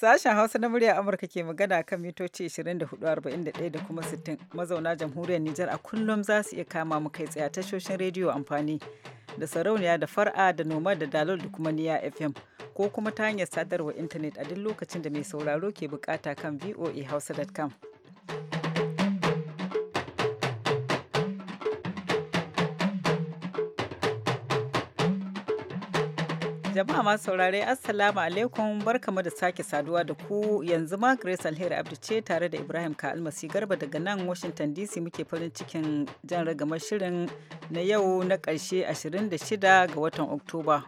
Sashen Hausa na murya Amurka ke magana kan mitoci 24,41 da kuma 60 mazauna jamhuriyar Nijar a kullum za su iya kama mu kai tsaye tashoshin rediyo amfani da sarauniya da far'a da noma da dalol da kuma niya FM ko kuma ta hanyar sadarwa intanet a duk lokacin da mai sauraro ke bukata kan voahausa.com. jama'a masu saurare assalamu alaikum barkamu da sake saduwa da ku yanzu ma grace alheri abdu ce tare da ibrahim ka almasi garba daga nan washington dc muke farin cikin jan ragamar shirin na yau na karshe 26 ga watan oktoba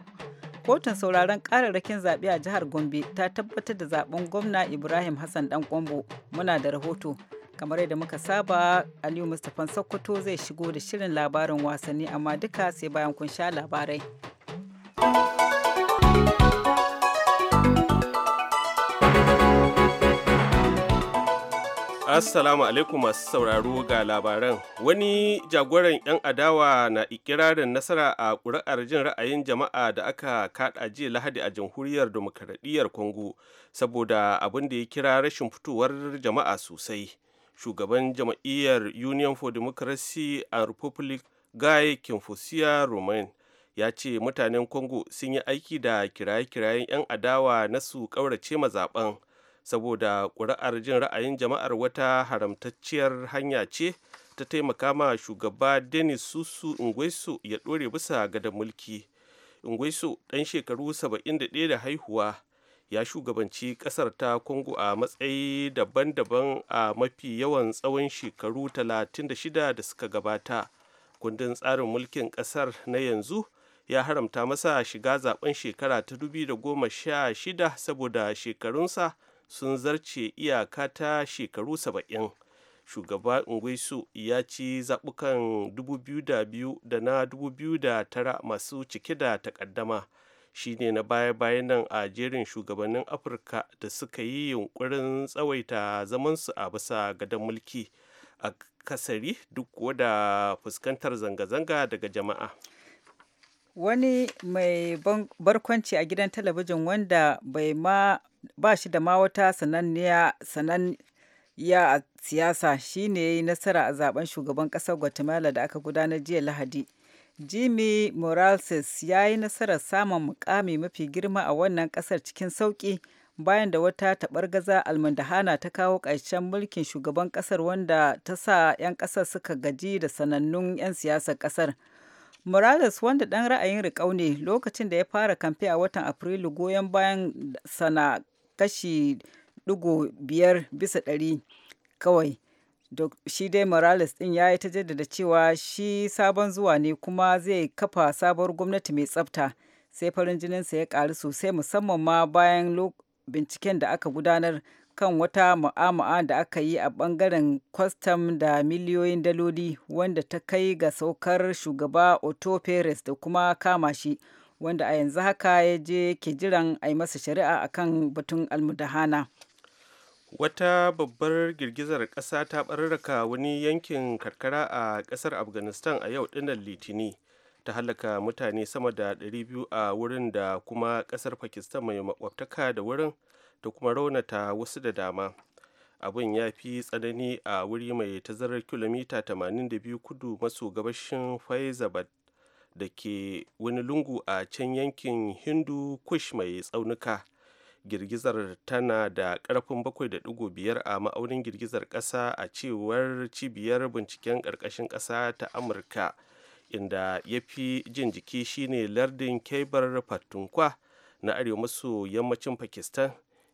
kotun sauraron kararrakin zaɓe a jihar gombe ta tabbatar da zaben gwamna ibrahim hassan dan kwambo muna da rahoto kamar yadda muka saba aliyu mustapha sokoto zai shigo da shirin labarin wasanni amma duka sai bayan kun sha labarai. Assalamu alaikum masu sauraro ga labaran. Wani jagoran 'yan adawa na ikirarin nasara a ƙuri'ar jin ra'ayin jama'a da aka kaɗa jiya Lahadi a jamhuriyar demokaradiyyar Congo saboda abin da ya kira rashin fitowar jama'a sosai. Shugaban jama'iyyar Union for Democracy and Republic Guy Kinfusiya Romain ya ce mutanen kongo sun yi aiki da kiraye-kirayen 'yan adawa na su ƙaurace mazaɓen. saboda ƙuri'ar jin ra'ayin jama'ar wata haramtacciyar hanya ce ta taimaka ma shugaba denis susu ingwesu ya ɗore bisa gadon mulki ingwesu ɗan shekaru 71 da haihuwa ya shugabanci ƙasar ta congo a matsayi daban-daban a mafi yawan tsawon shekaru 36 da suka gabata kundin tsarin mulkin ƙasar na yanzu ya haramta masa shiga zaben shekara ta 2016 saboda shekarunsa sun zarce iyaka ta shekaru saba'in shugaba Nguisu ya ci zaɓukan 2002 da na 2009 masu cike da takaddama shine na baya-bayan nan a jerin shugabannin afirka da suka yi yunkurin tsawaita zamansu a bisa gadon mulki a kasari duk da fuskantar zanga-zanga daga jama'a wani mai barkwanci a gidan talabijin wanda bai ma ba shi da ma wata sananniya a siyasa shine ya yi nasara a zaben shugaban ƙasar guatemala da aka gudanar jiya lahadi jimmy morales ya yi nasarar samun mukami mafi girma a wannan ƙasar cikin sauƙi bayan da wata taɓargaza almandahana ta kawo ƙarshen mulkin shugaban ƙasar wanda ta sa 'yan ƙasar suka gaji da sanannun 'yan siyasar ƙasar. Morales wanda ɗan ra'ayin riƙau ne lokacin da ya fara kamfe a watan Afrilu goyon bayan sana kashi digo biyar bisa ɗari kawai shi dai morales ɗin ya yi ta jaddada cewa shi sabon zuwa ne kuma zai kafa sabuwar gwamnati mai tsafta sai farin jininsa ya ƙaru sosai musamman ma bayan binciken da aka gudanar kan wata ma'ama'a da aka yi a bangaren kwastam da miliyoyin daloli wanda ta kai ga saukar shugaba otto perez da kuma kama shi wanda a yanzu haka ya je ke jiran a yi masa shari'a a kan batun almudahana wata babbar girgizar ƙasa ta ɓararraka wani yankin karkara a ƙasar afghanistan a yau ɗinnan litini ta halaka mutane sama da 200 a wurin da kuma ƙasar pakistan mai makwabtaka da wurin da kuma raunata wasu da dama abin ya fi tsanani a wuri mai tazarar kilomita 82 kudu maso gabashin faizabad da ke wani lungu a can yankin hindu kush mai tsaunuka girgizar tana da ƙarfin 7.5 a ma'aunin girgizar ƙasa a cewar cibiyar binciken ƙarƙashin ƙasa ta amurka inda ya fi jin jiki shine lardin kebar fatunkwa na arewa maso yammacin pakistan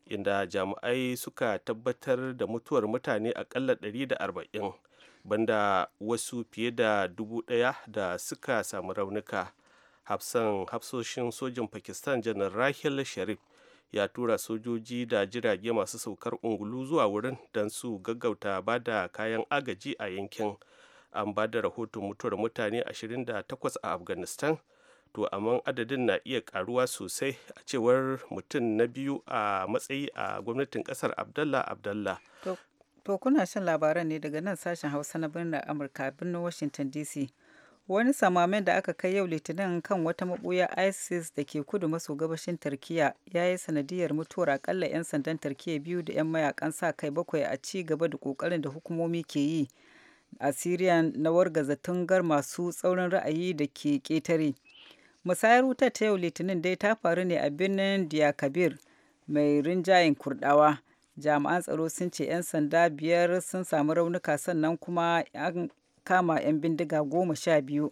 inda jami'ai suka tabbatar da mutuwar mutane akalla 140 banda wasu fiye da dubu daya da suka samu raunuka hafsan hafsoshin sojin pakistan janar rahil sharif ya tura sojoji da jirage masu saukar ungulu zuwa wurin don su gaggauta ba da kayan agaji a yankin an ba da rahoton mutuwar mutane 28 a afghanistan to amma adadin na iya karuwa sosai a cewar mutum na biyu a matsayi a gwamnatin kasar abdallah abdallah To kuna shan labaran ne daga nan sashen Hausa na birnin Amurka birnin Washington DC. Wani samamen da aka kai yau Litinin kan wata mabuya ISIS da ke kudu maso gabashin Turkiyya ya yi sanadiyar mutuwar akalla 'yan sandan Turkiyya biyu da 'yan mayakan sa kai bakwai a ci gaba da ƙoƙarin da hukumomi ke yi a Syria na wargaza tungar masu tsaurin ra'ayi da ke ketare. Musayar wutar ta yau Litinin dai ta faru ne a birnin Diyakabir mai rinjayen Kurɗawa. jami'an tsaro sun ce 'yan sanda biyar sun samu raunuka sannan kuma an kama 'yan bindiga goma sha biyu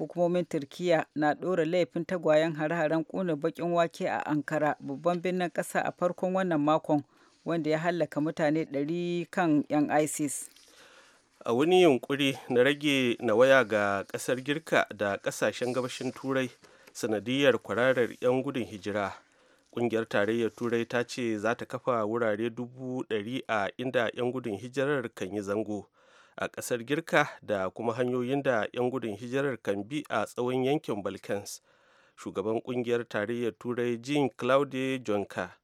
hukumomin turkiya na ɗora laifin tagwayen hare-haren ƙuna bakin wake a ankara babban birnin ƙasa a farkon wannan makon wanda ya hallaka mutane 100 kan 'yan isis a wani yunkuri na rage na waya ga ƙasar girka da ƙasashen gabashin turai sanadiyar kwararar 'yan gudun hijira kungiyar tarayyar turai ta ce za ta kafa wurare dubu ɗari a inda 'yan gudun hijirar kan yi zango a ƙasar girka da kuma hanyoyin da 'yan gudun hijirar kan bi a tsawon yankin balkans shugaban kungiyar tarayyar turai jean claude jonka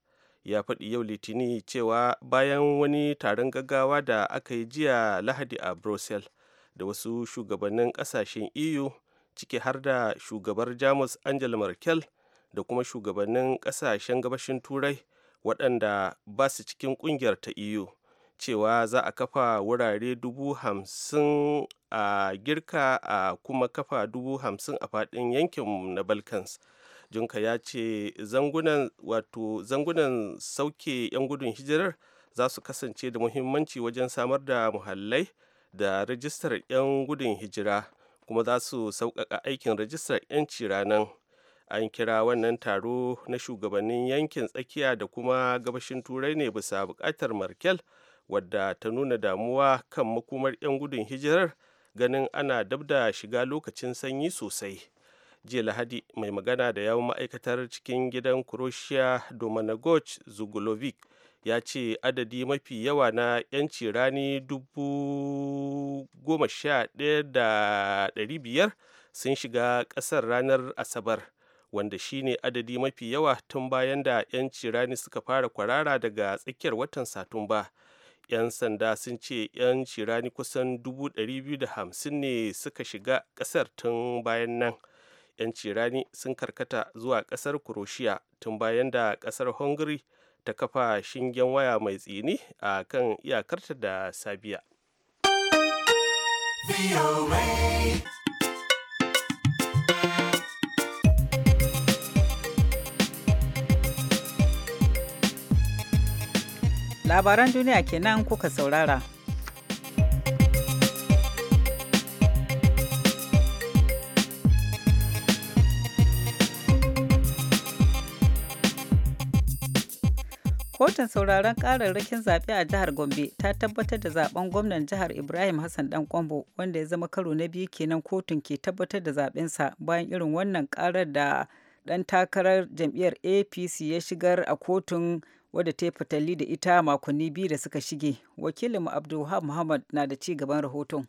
ya faɗi yau litini cewa bayan wani taron gaggawa da aka yi jiya lahadi a brussels da wasu shugabannin ƙasashen eu ciki har da shugabar jamus angela merkel da kuma shugabannin kasashen gabashin turai waɗanda ba su cikin ƙungiyar ta eu cewa za a kafa wurare dubu hamsin a girka a kuma kafa dubu hamsin a faɗin yankin na balkans junka ya ce zangunan wato zangunan sauke 'yan gudun hijirar za su kasance da muhimmanci wajen samar da muhallai da rajistar 'yan gudun hijira kuma za su sauƙaƙa aikin rajistar 'yanci ranar an kira wannan taro na shugabannin yankin tsakiya da kuma gabashin turai ne bisa bukatar markel wadda ta nuna damuwa kan makomar 'yan gudun hijirar ganin ana dab da shiga lokacin sanyi sosai jiya lahadi mai magana da yawon ma'aikatar cikin gidan croatia domenagoj zugulovic ya ce adadi mafi yawa na 'yanci rani biyar sun shiga ƙasar ranar asabar wanda shine adadi mafi yawa tun bayan da 'yan cirani suka fara kwarara daga tsakiyar watan satumba 'yan sanda sun ce 'yan cirani kusan 250 ne suka shiga kasar tun bayan nan 'yan cirani sun karkata zuwa kasar kuroshiya tun bayan da kasar hungary ta kafa shingen waya mai tsini a kan iyakarta da sabiya labaran duniya kenan kuka saurara kotun sauraron kararrakin zaɓe a jihar gombe ta tabbatar da zaɓen gwamnan jihar ibrahim hassan dan kwambo wanda ya zama karo na biyu kenan kotun ke tabbatar da zaɓensa bayan irin wannan ƙarar da ɗan takarar jam'iyyar apc ya shigar a kotun wadda ta yi fitalli da ita makonni biyu da suka shige wakilinmu abdulwahab muhammad na da ci gaban rahoton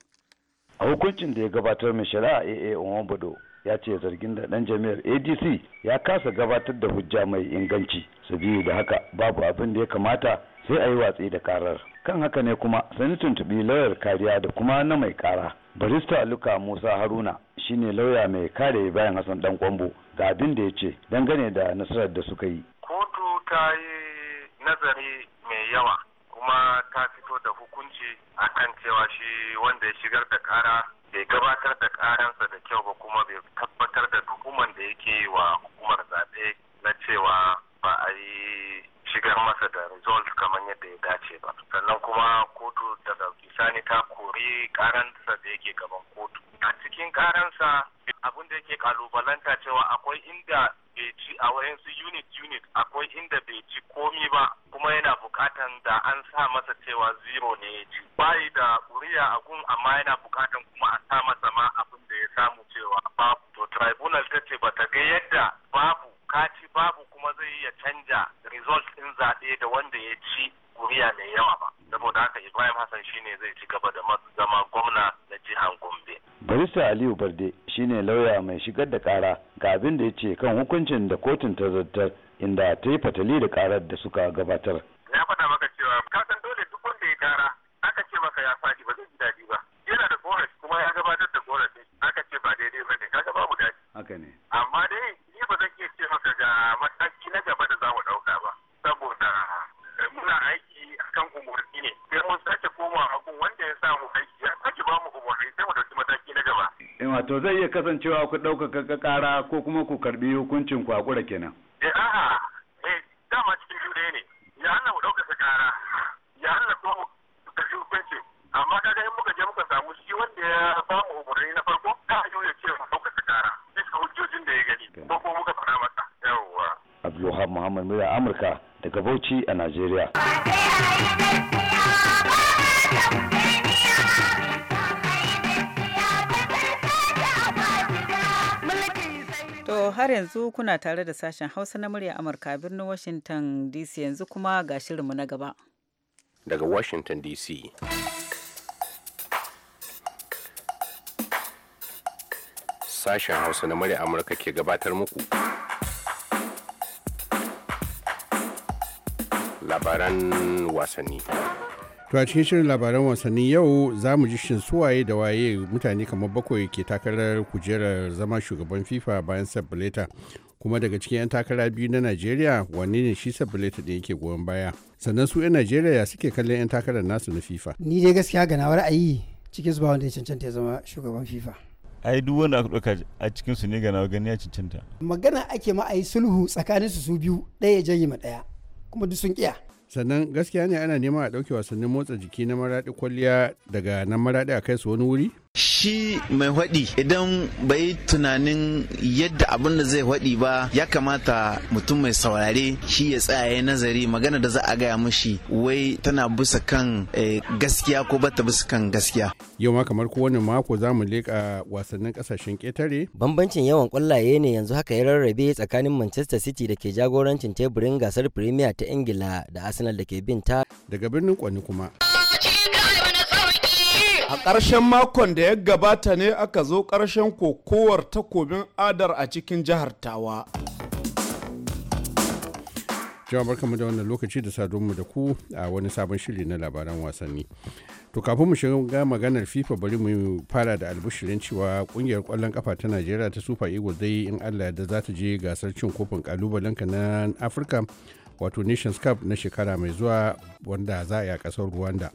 a hukuncin da ya gabatar mai shari'a aa bado ya ce zargin da dan jami'ar adc ya kasa gabatar da hujja mai inganci sabili da haka babu abin da ya kamata sai a yi watsi da karar kan haka ne kuma sani tuntubi lauyar kariya da kuma na mai kara barista luka musa haruna shine lauya mai kare bayan hassan dan kwambo ga abin da ya ce dangane da nasarar da suka yi kotu ta yi nazari mai yawa kuma ta fito da hukunci a kan cewa shi wanda ya shigar da kara bai gabatar da karansa da kyau ba kuma bai tabbatar da tuhuman da yake yi wa hukumar zaɓe na cewa ba a yi shigar masa da result kamar yadda ya dace ba sannan kuma kotu daga Sani ta kori karansa da yake gaban kotu a cikin karansa abin da yake kalubalanta cewa akwai inda bai a wayansu unit unit akwai inda bai ji komi ba kuma yana bukatan da an sa masa cewa zero ne ya ji bayi da kuriya a gun amma yana bukatan kuma a sa masa ma abin da ya samu cewa babu to tribunal ta ce bata ga yadda babu kati babu kuma zai iya canja result ɗin zaɓe da wanda ya ci kuriya mai yawa ba saboda haka ibrahim hassan shine zai ci gaba da zama gwamna na jihar gombe barista aliyu barde shine lauya mai shigar da kara ga abin da ya ce kan hukuncin da kotun ta zartar inda ta yi fatali da karar da suka gabatar na faɗa maka cewa ka san dole duk wanda ya kara aka ce maka ya faɗi ba zai ji daɗi ba yana da korafi kuma ya gabatar da korafi aka ce ba daidai ba ne ba babu daɗi haka ne amma dai Eh, wato zai iya kasancewa ku ɗaukaka ƙara ko kuma ku karbi hukuncin ku hakura kenan. Eh a'a eh dama cikin jure ne ya Allah mu ɗaukaka ƙara ya Allah kuma mu karbi hukuncin amma kaga in muka je muka samu shi wanda ya ba mu umarni na farko ta ya ce mu ɗaukaka ƙara bisa hujjojin da ya gani ko kuma muka fara masa yawwa. Abdulwahab Muhammad Mura Amurka daga Bauchi a Najeriya. Har yanzu kuna tare da sashen Hausa na murya Amurka birnin Washington DC yanzu kuma ga shirinmu na gaba. Daga Washington DC. Sashen Hausa na murya Amurka ke gabatar muku. Labaran wasanni. To a cikin shirin labaran wasannin yau za mu ji shin suwaye da waye mutane kamar bakwai ke takarar kujerar zama shugaban FIFA bayan Sabuleta. kuma daga cikin 'yan takara biyu na Najeriya wanne ne shi Sabuleta da yake goyon baya. Sannan su 'yan Najeriya ya suke kallon 'yan takarar nasu na FIFA. Ni dai gaskiya ga nawar ayi cikin su ba wanda ya cancanta ya zama shugaban FIFA. Ai duk wanda aka ɗauka a cikin su ne ga nawar gani ya cancanta. Magana ake ma a yi sulhu tsakanin su su biyu ɗaya ya janye ma ɗaya kuma duk sun kiya. sannan gaskiya ne ana neman a ɗauke wasannin motsa jiki na maraɗi kwalliya daga nan maraɗi a kai su wani wuri shi mai haɗi idan bai tunanin yadda abin da zai haɗi ba ya kamata mutum mai saurare shi ya tsaya ya nazari magana da za a gaya mushi wai tana bisa kan eh, gaskiya ko bata bisa kan gaskiya yau ma kamar kowane mako za mu leƙa wasannin ƙasashen ƙetare bambancin yawan ƙwallaye ne yanzu haka ya rarrabe tsakanin manchester city da ke jagorancin teburin gasar premier ta ingila da arsenal da ke bin ta daga birnin kwani kuma A ƙarshen makon da ya gabata ne aka zo ƙarshen kokowar takobin adar a cikin jihar Tawa. jama'a barkanmu da wannan lokaci da sadonmu da ku a wani sabon shiri na labaran wasanni to kafin mu shiga maganar fifa bari mu fara da albishirin cewa kungiyar kwallon kafa ta najeriya ta super zai zai in allah da za ta je gasar cin kofin kalubalenka na afirka wato nations cup na shekara mai zuwa wanda za a yi a kasar rwanda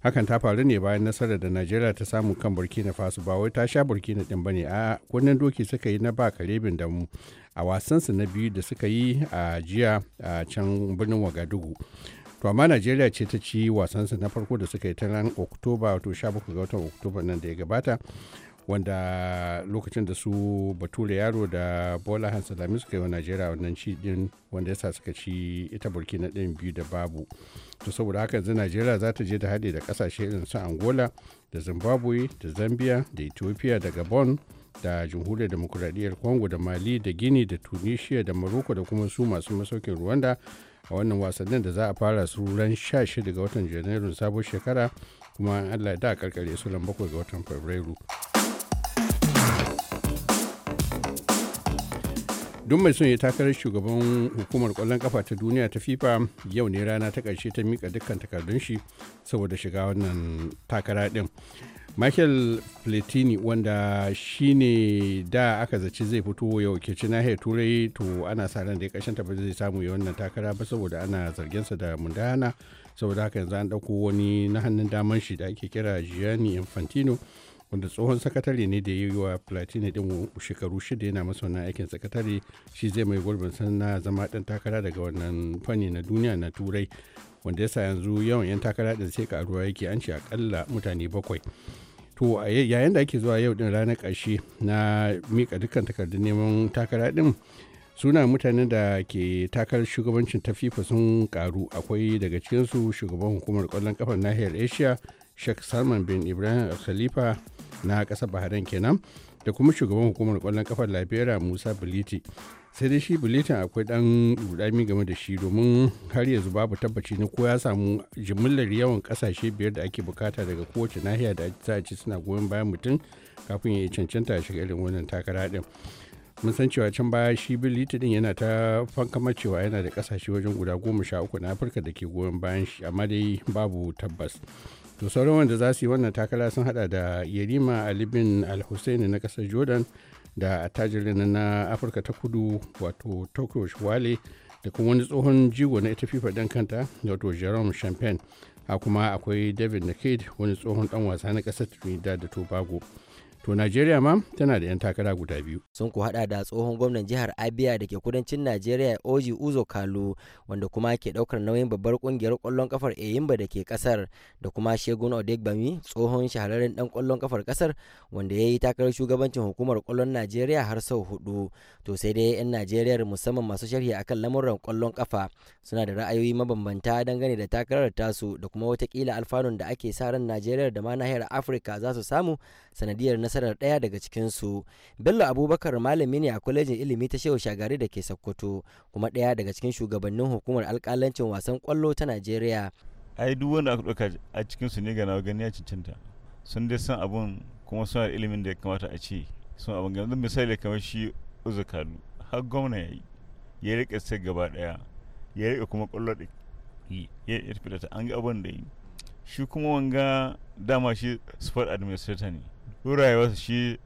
hakan ta faru ne bayan nasarar da najeriya ta samu kan burkina faso ba wai ta sha burkina din ne a kunnen doki suka yi na ba karebin da mu a wasansu na biyu da suka yi a jiya a can birnin wagadugu to amma najeriya ce ta ci wasansu na farko da suka yi ta ran oktoba wato 17 ga watan oktoba nan da ya gabata wanda lokacin da su bature yaro da bola hansa lami suka yi wa najeriya wannan ci din wanda yasa suka ci ita na ɗin biyu da babu to saboda haka yanzu najeriya za ta je da haɗe da ƙasashe irin su angola da zimbabwe da zambia da ethiopia da gabon da jamhuriyar demokuraɗiyyar congo da mali da gini da tunisia da morocco da kuma su masu masaukin rwanda a wannan wasannin da za a fara su ran 16 ga watan janairun sabon shekara kuma allah da a karkare su ran ga watan fabrairu duk mai son ya takarar shugaban hukumar kwallon kafa ta duniya ta fifa yau ne rana ta karshe ta mika dukkan takardun shi saboda shiga wannan takara din michael platini wanda shine da aka zaci zai fito ya wakilci nahiyar turai to ana sa ran da ya ƙarshen ba zai samu ya wannan takara ba saboda ana zarginsa da mundana saboda haka yanzu an dauko wani na hannun damar shi da ake kira gianni infantino wanda tsohon sakatare ne da ya yi wa platini din shekaru shida yana masa wannan aikin sakatare shi zai mai gurbin sana na zama dan takara daga wannan fanni na duniya na turai wanda yasa yanzu yawan yan takara da sai karuwa yake an ce akalla mutane bakwai to yayin da ake zuwa yau din ranar karshe na mika dukkan takardun neman takara din suna mutanen da ke takarar shugabancin ta fifa sun karu akwai daga cikinsu shugaban hukumar kwallon kafar nahiyar asia Sheikh Salman bin Ibrahim Khalifa na ƙasar Bahrain kenan da kuma shugaban hukumar ƙwallon kafar lafiyar Musa Biliti. Sai dai shi Bilitin akwai ɗan rudami game da shi domin har yanzu babu tabbaci na ko ya samu jimillar yawan ƙasashe biyar da ake bukata daga kowace nahiya da za a ci suna goyon bayan mutum kafin ya yi cancanta a shiga irin wannan takara ɗin. mun san cewa can baya shi biliti din yana ta fankamar cewa yana da kasashe wajen guda goma sha uku na afirka da ke goyon bayan shi amma dai babu tabbas to sauran wanda za su yi wannan takara sun hada da yerima alibin alhussaini na kasar jordan da attajirin na afirka ta kudu wato tokyo wale da kuma wani tsohon jigo na ita fifa ɗan kanta wato jerome champagne a kuma akwai david nakid wani tsohon dan wasa na kasar trinidad da tobago to najeriya ma tana da 'yan takara guda biyu sun ku hada da tsohon gwamnan jihar abia da ke kudancin najeriya oji uzo kalu wanda kuma ke daukar nauyin babbar kungiyar kwallon kafar eyimba da ke kasar da kuma shegun odegbami tsohon shahararren dan kwallon kafar kasar wanda ya yi takarar shugabancin hukumar kwallon najeriya har sau hudu to sai dai 'yan najeriya musamman masu sharhi akan lamuran kwallon kafa suna da ra'ayoyi mabambanta dangane da takarar tasu da kuma watakila alfanun da ake sa ran najeriya da ma nahiyar afirka za su samu sanadiyar na nasarar ɗaya daga cikinsu bello abubakar malami ne a kwalejin ilimi ta shehu shagari da ke sokoto kuma ɗaya daga cikin shugabannin hukumar alkalancin wasan kwallo ta najeriya ai duk wanda aka ɗauka a cikinsu ne ga na gani ya cancanta sun dai san abun kuma suna da ilimin da ya kamata a ce sun abin ganin misali kamar shi uzakalu har gwamna ya yi ya riƙe sai gaba ɗaya ya riƙe kuma kwallo ɗin ya tafi da ta an ga abin da yi shi kuma wanga dama shi sport administrator ne hurayewarsa shi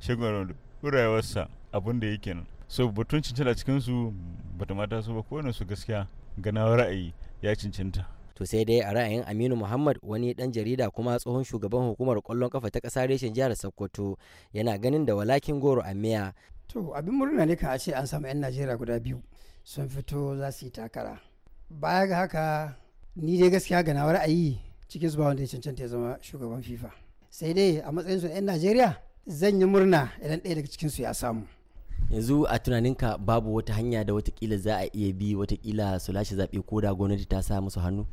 shagun hurayewarsa rayuwarsa abin da yake nan so batun a cikin su bata mata su ba kowane su gaskiya ganawa ra'ayi ya cincinta to sai dai a ra'ayin aminu muhammad wani dan jarida kuma tsohon shugaban hukumar kwallon kafa ta kasar reshen jihar sokoto yana ganin da walakin goro a miya to abin murna ne kan a ce an samu 'yan najeriya guda biyu sun fito za su yi takara baya ga haka ni dai gaskiya ganawar ayi ra'ayi cikin zuba wanda ya cancanta ya zama shugaban fifa sai dai a matsayinsu na 'yan najeriya zan yi murna idan ɗaya daga cikinsu ya samu yanzu a tunaninka babu wata hanya da watakila za a iya bi watakila su lashe zaɓe ko da gwamnati ta sa musu hannu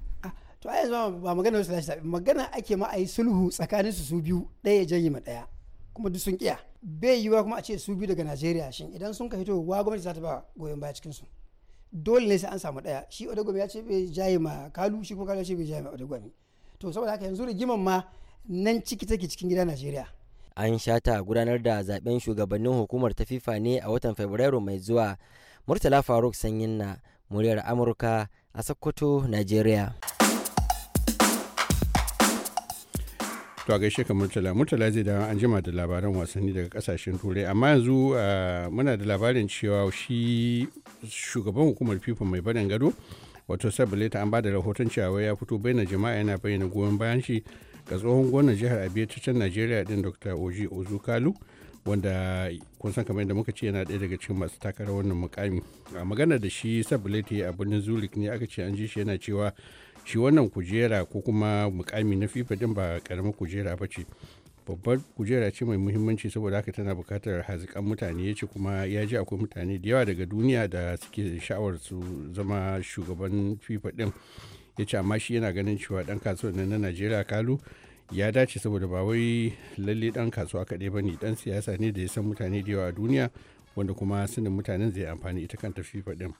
to a yanzu ba magana wasu lashe zaɓe magana ake ma a yi sulhu tsakanin su su biyu ɗaya ya janye ma ɗaya kuma duk sun kiya bai yiwuwa kuma a ce su biyu daga najeriya shin idan sun ka fito wa gwamnati za ta ba goyon baya cikin su dole ne sai an samu ɗaya shi odagwami ya ce bai jaye ma kalu shi kuma kalu ya ce bai jaye ma odagwami to saboda haka yanzu rigiman ma nan ciki take cikin gida najeriya an shata gudanar da zaben shugabannin hukumar ta fifa ne a watan fabrairu mai zuwa murtala faruk sanyin na muryar amurka a sokoto najeriya to a gaishe ka murtala murtala zai dawo an jima da labaran wasanni daga kasashen turai amma yanzu ah, muna da labarin cewa shi shugaban hukumar fifa mai badan gado wato sabaleta an ba da rahoton cewa ya fito bayyana jama'a yana bayyana goyon bayan shi ga tsohon gwamnan jihar abia ta can najeriya din dr oji ozukalu wanda kun san kamar yadda muka ce yana ɗaya daga cikin masu takarar wannan mukami a magana da shi sabulaiti a birnin zulik ne aka ce an ji shi yana cewa shi wannan kujera ko kuma mukami na fifa din ba karamin kujera ba ce babbar kujera ce mai muhimmanci saboda haka tana bukatar hazikan mutane ya ce kuma ya ji akwai mutane da yawa daga duniya da suke sha'awar su zama shugaban fifa din ya ce amma shi yana ganin cewa dan kasuwar na najeriya kalu ya dace saboda ba wai lalle dan kasuwa kaɗai ba ne dan siyasa ne da ya san mutane da yawa a duniya wanda kuma sanin mutanen zai amfani ita kanta fifa din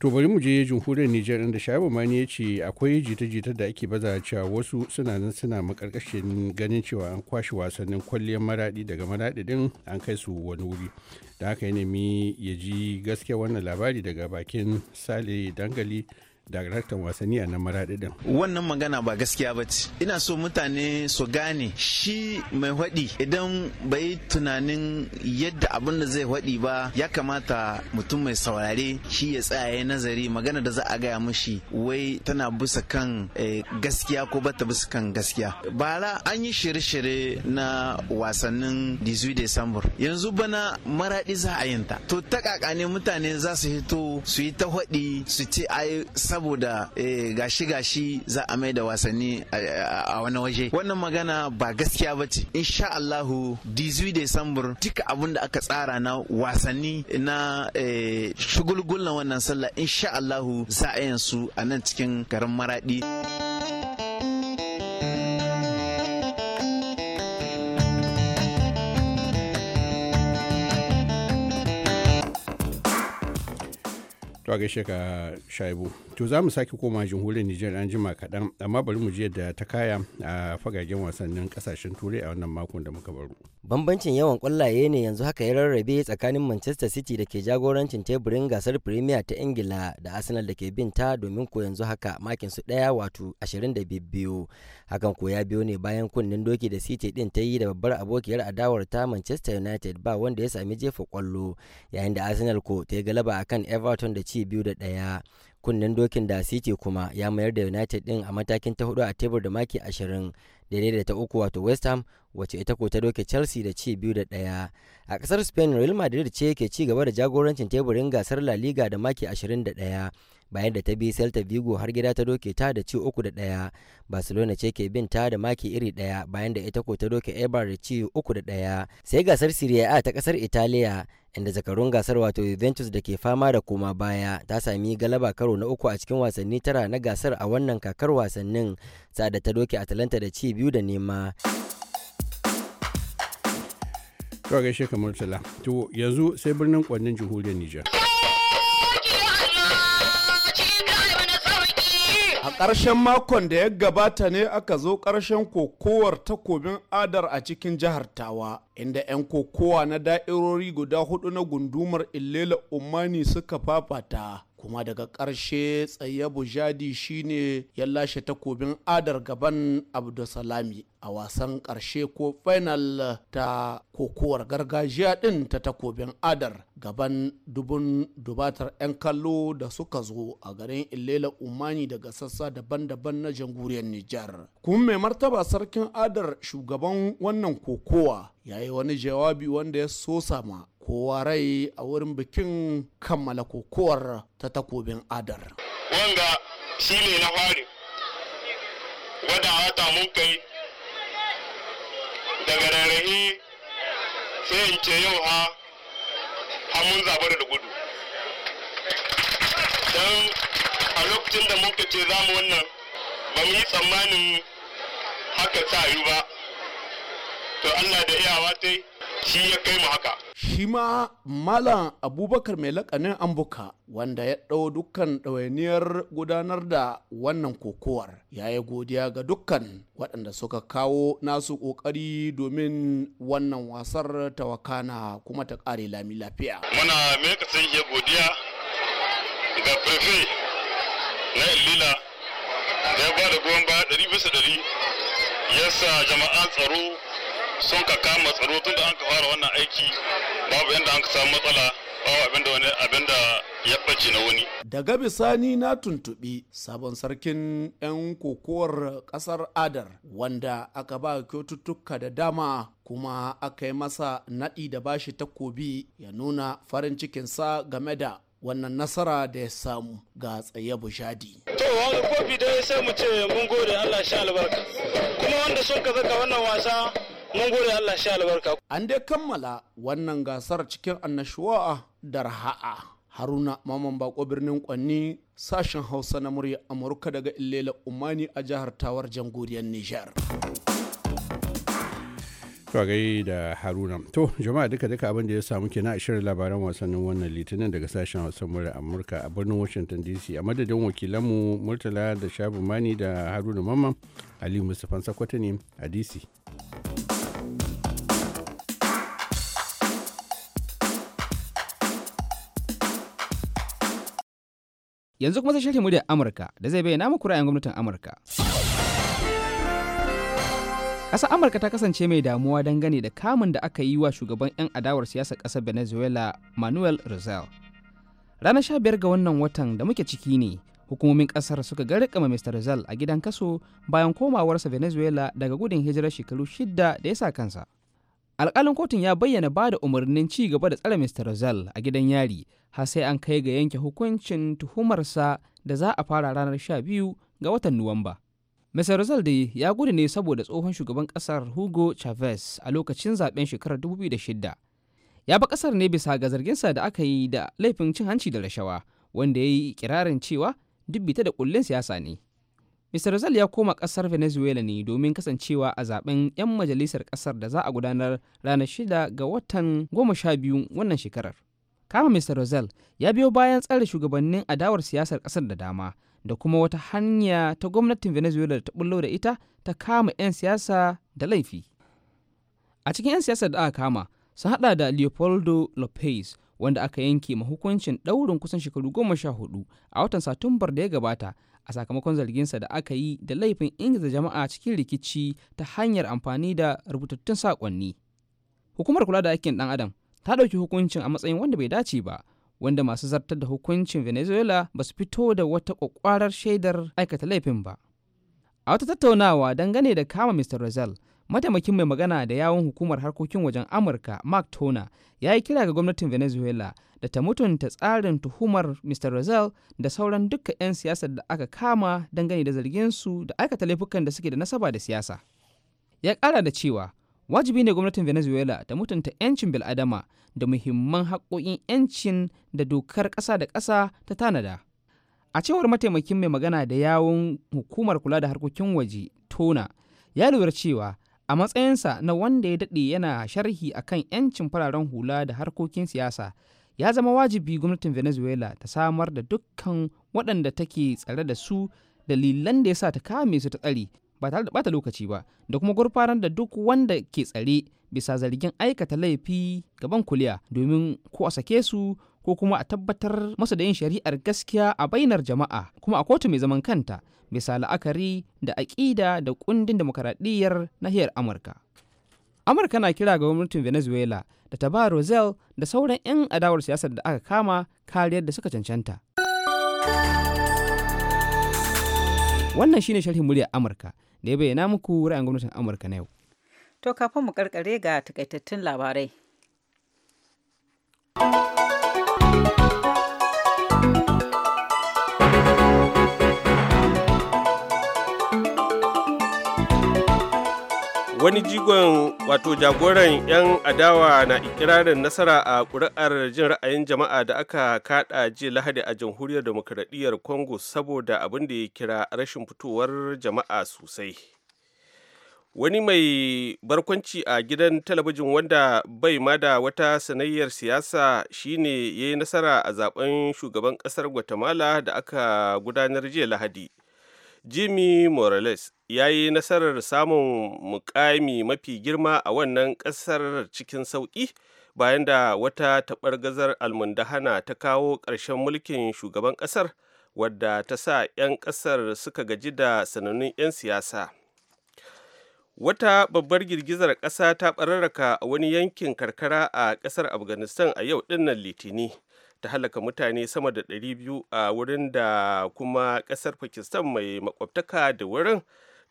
to bari mu je jamhuriyar nijar inda shabu mani ya ce akwai jita-jita da ake baza cewa wasu suna nan suna makarkashin ganin cewa an kwashe wasannin kwalliyar maraɗi daga maraɗi din an kai su wani wuri da haka ya nemi ya ji gaskiya wannan labari daga bakin sale dangali daraktan wasanni a nan maraɗiɗin. Wannan magana ba gaskiya ba ce. Ina so mutane su gane shi mai haɗi idan bai tunanin yadda abin da zai haɗi ba ya kamata mutum mai saurare shi ya tsaya ya nazari magana da za a gaya mishi wai tana bisa kan eh, gaskiya ko bata bisa kan gaskiya. Bara an yi shirye-shirye na wasannin 18 Desambar. Yanzu bana maraɗi za a yinta. To ta ne mutane za su hito su yi ta haɗi su ce ai saboda eh, gashi gashi za a mai da wasanni a wani waje wannan magana ba gaskiya ba ce insha Allahu 18 duka abin da aka tsara na wasanni na eh, na wannan sallah insha Allahu za a yansu a nan cikin garin maraɗi. to gaishe ka shaibu to za mu sake koma jamhuriyar nijar an jima kaɗan amma bari mu je da ta kaya a fagagen wasannin kasashen turai a wannan makon da muka baro bambancin yawan kwallaye ne yanzu haka ya rarrabe tsakanin manchester city da ke jagorancin teburin gasar premier ta ingila da arsenal da ke bin ta domin ko yanzu haka makin su ɗaya wato 22 hakan ko ya biyo ne bayan kunnen doki da city din ta yi da babbar abokiyar adawar ta manchester united ba wanda ya sami jefa kwallo yayin da arsenal ko ta yi galaba akan everton da ci biyu da ɗaya kunnen dokin da city kuma ya mayar da united din a matakin ta hudu a tebur da maki ashirin daidai da ta uku wato west ham wacce ita ko ta doke chelsea da ci biyu da ɗaya a kasar spain real madrid ce ke ci gaba da jagorancin teburin gasar la liga da maki ashirin da ɗaya bayan da ta bi Celta Vigo har gida ta doke ta da ci uku da ɗaya. Barcelona ce ke bin ta da maki iri daya bayan da ita ko ta doke Eibar da ci uku da ɗaya. Sai gasar Serie A ta kasar Italiya inda zakarun gasar wato Juventus da ke fama da koma baya ta sami galaba karo na uku a cikin wasanni tara na gasar a wannan kakar wasannin sa da ta doke Atalanta da ci biyu da nema. kawai gaishe kamar tala. To yanzu sai birnin kwannin jihuriyar Nijar. a ƙarshen makon da ya gabata ne aka zo ƙarshen kokowar takobin adar a cikin jihar tawa inda 'yan kokowa na da'irori guda hudu na gundumar illela umani suka fafata kuma daga ƙarshe tsaye bujadi shine ya lashe takobin adar gaban abdulsalami a wasan ƙarshe ko final ta kokowar gargajiya ɗin ta takobin adar gaban dubun dubatar 'yan kallo da suka zo a garin illela umani daga sassa daban-daban na janguriyar nijar kuma mai martaba sarkin adar shugaban wannan kokowa ya yi wani jawabi wanda ya so sama kowa rai a wurin bikin kammala kokowar ta takobin adar. Wanga shi ne na fari wadda wata mun kai daga rarrahi sai in ce yau ha hamun zabar da gudu. Don a lokacin da muka ce za mu wannan ba mu yi tsammanin haka sa ba. To Allah da iyawa ta yi shi ya kai mu haka shi ma malam abubakar mai lakanin ambuka wanda ya ɗau dukkan ɗawainiyar gudanar da wannan kokowar ya yi godiya ga dukkan waɗanda suka kawo nasu ƙoƙari domin wannan wasar ta wakana kuma ta ƙare lami lafiya muna mai san iya godiya ga prefe na illila da ya ba da goyon baya ɗari bisa ɗari yasa jama'an tsaro sun ka kama tsaro tun da an ka fara wannan aiki babu yadda an ka samu matsala babu abin da ya ɓace na wani. Daga bisani na tuntuɓi sabon sarkin 'yan kokowar ƙasar Adar wanda aka ba kyaututtuka da dama kuma aka yi masa naɗi da bashi takobi ya nuna farin cikinsa game da wannan nasara da ya samu ga tsaye bushadi. To wani kofi dai sai mu ce mun gode Allah sha albarka kuma wanda sun ka zaka wannan wasa mun gode Allah sha albarka an dai kammala wannan gasar cikin annashuwa da raha'a haruna maman bako birnin kwanni sashen hausa na murya amurka daga illela umani a jihar tawar jamhuriyar nijar To gai da Haruna. To jama'a duka duka abin da ya samu kenan a shirin labaran wasannin wannan litinin daga sashen wasan mura Amurka a birnin Washington DC a madadin wakilanmu Murtala da Shabu Mani da Haruna Mamman Ali Mustapha Sakwata ne a DC. Yanzu kuma sai shirin muryar Amurka da zai bayyana muku ra'ayin gwamnatin Amurka. Ƙasar Amurka ta kasance mai damuwa dangane da kamun da aka yi wa shugaban 'yan adawar siyasar ƙasar Venezuela Manuel Rizal. Ranar biyar ga wannan watan da muke ciki ne, hukumomin ƙasar suka ga rikama Mr. Rizal a gidan kaso bayan komawarsa Venezuela daga gudun hijirar shekaru shida da ya sa kansa. alƙalin kotun ya bayyana ba da umarnin ci gaba da tsare mr razal a gidan yari har sai an kai ga yanke hukuncin tuhumarsa da za a fara ranar 12 ga watan nuwamba mr razal dai ya gudu ne saboda tsohon shugaban ƙasar hugo chavez a lokacin zaben shekarar 2006 ya ba ƙasar ne bisa ga zarginsa da aka yi da laifin cin hanci da rashawa wanda ya yi ikirarin cewa dubbita da kullin siyasa ne Mr. Rizal ya koma kasar Venezuela ne domin kasancewa a zaben 'yan majalisar kasar da za a gudanar ranar shida ga watan 12 wannan shekarar. Kama Mr. Rizal ya biyo bayan tsare shugabannin adawar siyasar kasar da dama da kuma wata hanya ta gwamnatin Venezuela da ta bullo da ita ta kama 'yan siyasa da laifi. A cikin 'yan siyasar da aka kama sun hada da Leopoldo Lopez wanda aka yanke ma hukuncin ɗaurin kusan shekaru goma hudu a watan Satumbar da ya gabata a sakamakon zarginsa da aka yi da laifin ingiza jama'a cikin rikici ta hanyar amfani da rubutattun saƙonni. Hukumar kula da aikin ɗan adam ta ɗauki hukuncin a matsayin wanda bai dace ba, wanda masu zartar da hukuncin Venezuela ba su fito da wata ƙwaƙwarar shaidar aikata laifin ba. A wata tattaunawa dangane da kama Mr. Rizal, mataimakin mai magana da yawon hukumar harkokin wajen amurka mark tona ya yi kira ga gwamnatin venezuela da ta mutunta tsarin tuhumar mr rizal da sauran dukkan 'yan siyasar da aka kama dangane da zarginsu da aikata laifukan da suke da nasaba da siyasa ya kara da cewa wajibi ne gwamnatin venezuela ta mutunta 'yancin bil'adama da muhimman haƙoƙin 'yancin da dokar ƙasa da ƙasa ta tanada a cewar mataimakin mai magana da yawon hukumar kula da harkokin waje tona ya lura cewa a matsayinsa na wanda ya daɗe yana sharhi akan 'yancin fararen hula da harkokin siyasa ya zama wajibi gwamnatin venezuela ta samar da dukkan waɗanda take tsare da su dalilan da ya sa ta kame su ta tsare ba tare da bata lokaci ba da kuma gurfanar da duk wanda ke tsare bisa zargin aikata laifi gaban kuliya domin ko a sake su ko kuma a tabbatar masa da yin shari'ar gaskiya a bainar jama'a kuma a kotu mai zaman kanta bisa la'akari da aƙida da kundin demokaradiyyar nahiyar amurka amurka na kira ga gwamnatin venezuela da ta ba rosel da sauran 'yan adawar siyasar da aka kama kariyar da suka cancanta wannan shine sharhin muryar amurka da ya bayyana muku ra'ayin gwamnatin amurka na yau to kafin mu karkare ga takaitattun labarai wani jigon wato jagoran 'yan adawa na ikirarin nasara a ƙuri'ar jin ra'ayin jama'a da aka kada jiya lahadi a jamhuriyar demokradiyyar congo saboda abin da ya kira rashin fitowar jama'a sosai wani mai barkwanci a gidan talabijin wanda bai ma da wata sanayyar siyasa shine ya yi nasara a zaben shugaban kasar guatemala da aka gudanar jiya lahadi jimmy morales ya yi nasarar samun mukami mafi girma a wannan ƙasar cikin sauƙi bayan da wata taɓar gazar almundahana ta kawo ƙarshen mulkin shugaban ƙasar wadda ta sa 'yan ƙasar suka gaji da sanannun 'yan siyasa wata babbar girgizar ƙasa ta ɓararraka a wani yankin karkara a ƙasar afghanistan a yau ɗinnan litini ta halaka mutane sama da 200 a wurin da kuma ƙasar pakistan mai makwabtaka da wurin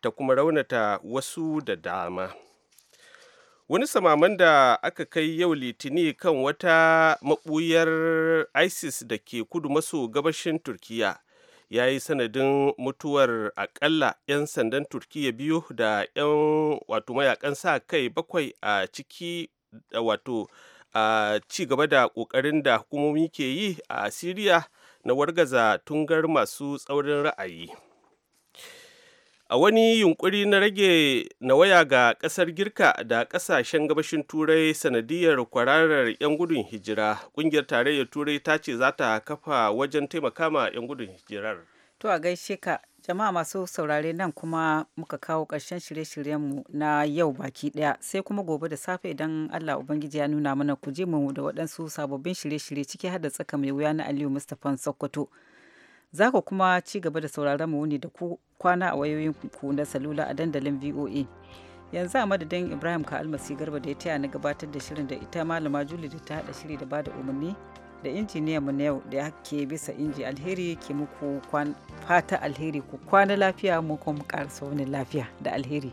ta kuma raunata wasu da dama wani samaman da aka kai yau litini kan wata maɓuyar isis da ke kudu maso gabashin turkiya ya yi sanadin mutuwar akalla 'yan sandan turkiya biyu da 'yan wato mayakan sa kai bakwai a ciki wato a ci gaba da ƙoƙarin da hukumomi ke yi a siriya na wargaza tungar masu tsaurin ra'ayi a wani yunkuri na rage nawaya ga kasar girka da kasashen gabashin turai sanadiyar kwararar 'yan gudun hijira kungiyar tarayyar turai ta ce za ta kafa wajen taimaka ma 'yan gudun hijirar to a gaishe ka Jama'a masu saurare nan kuma muka kawo ƙarshen shirye-shiryenmu na yau baki ɗaya sai kuma gobe da safe idan Allah Ubangiji ya nuna mana ku je mu da waɗansu sababbin shirye-shirye ciki har da tsaka mai wuya na Aliyu Mustapha Sokoto. Za ku kuma ci gaba da sauraron mu ne da ku kwana a wayoyin ku na salula a dandalin VOA. Yanzu a madadin Ibrahim Ka Almasi Garba da ya taya na gabatar da shirin da ita malama Juli da ta haɗa shiri da bada umarni da mu na yau da ya ke bisa inji alheri ke muku fata alheri ku kwana lafiya mu kuma ƙarsa wani lafiya da alheri.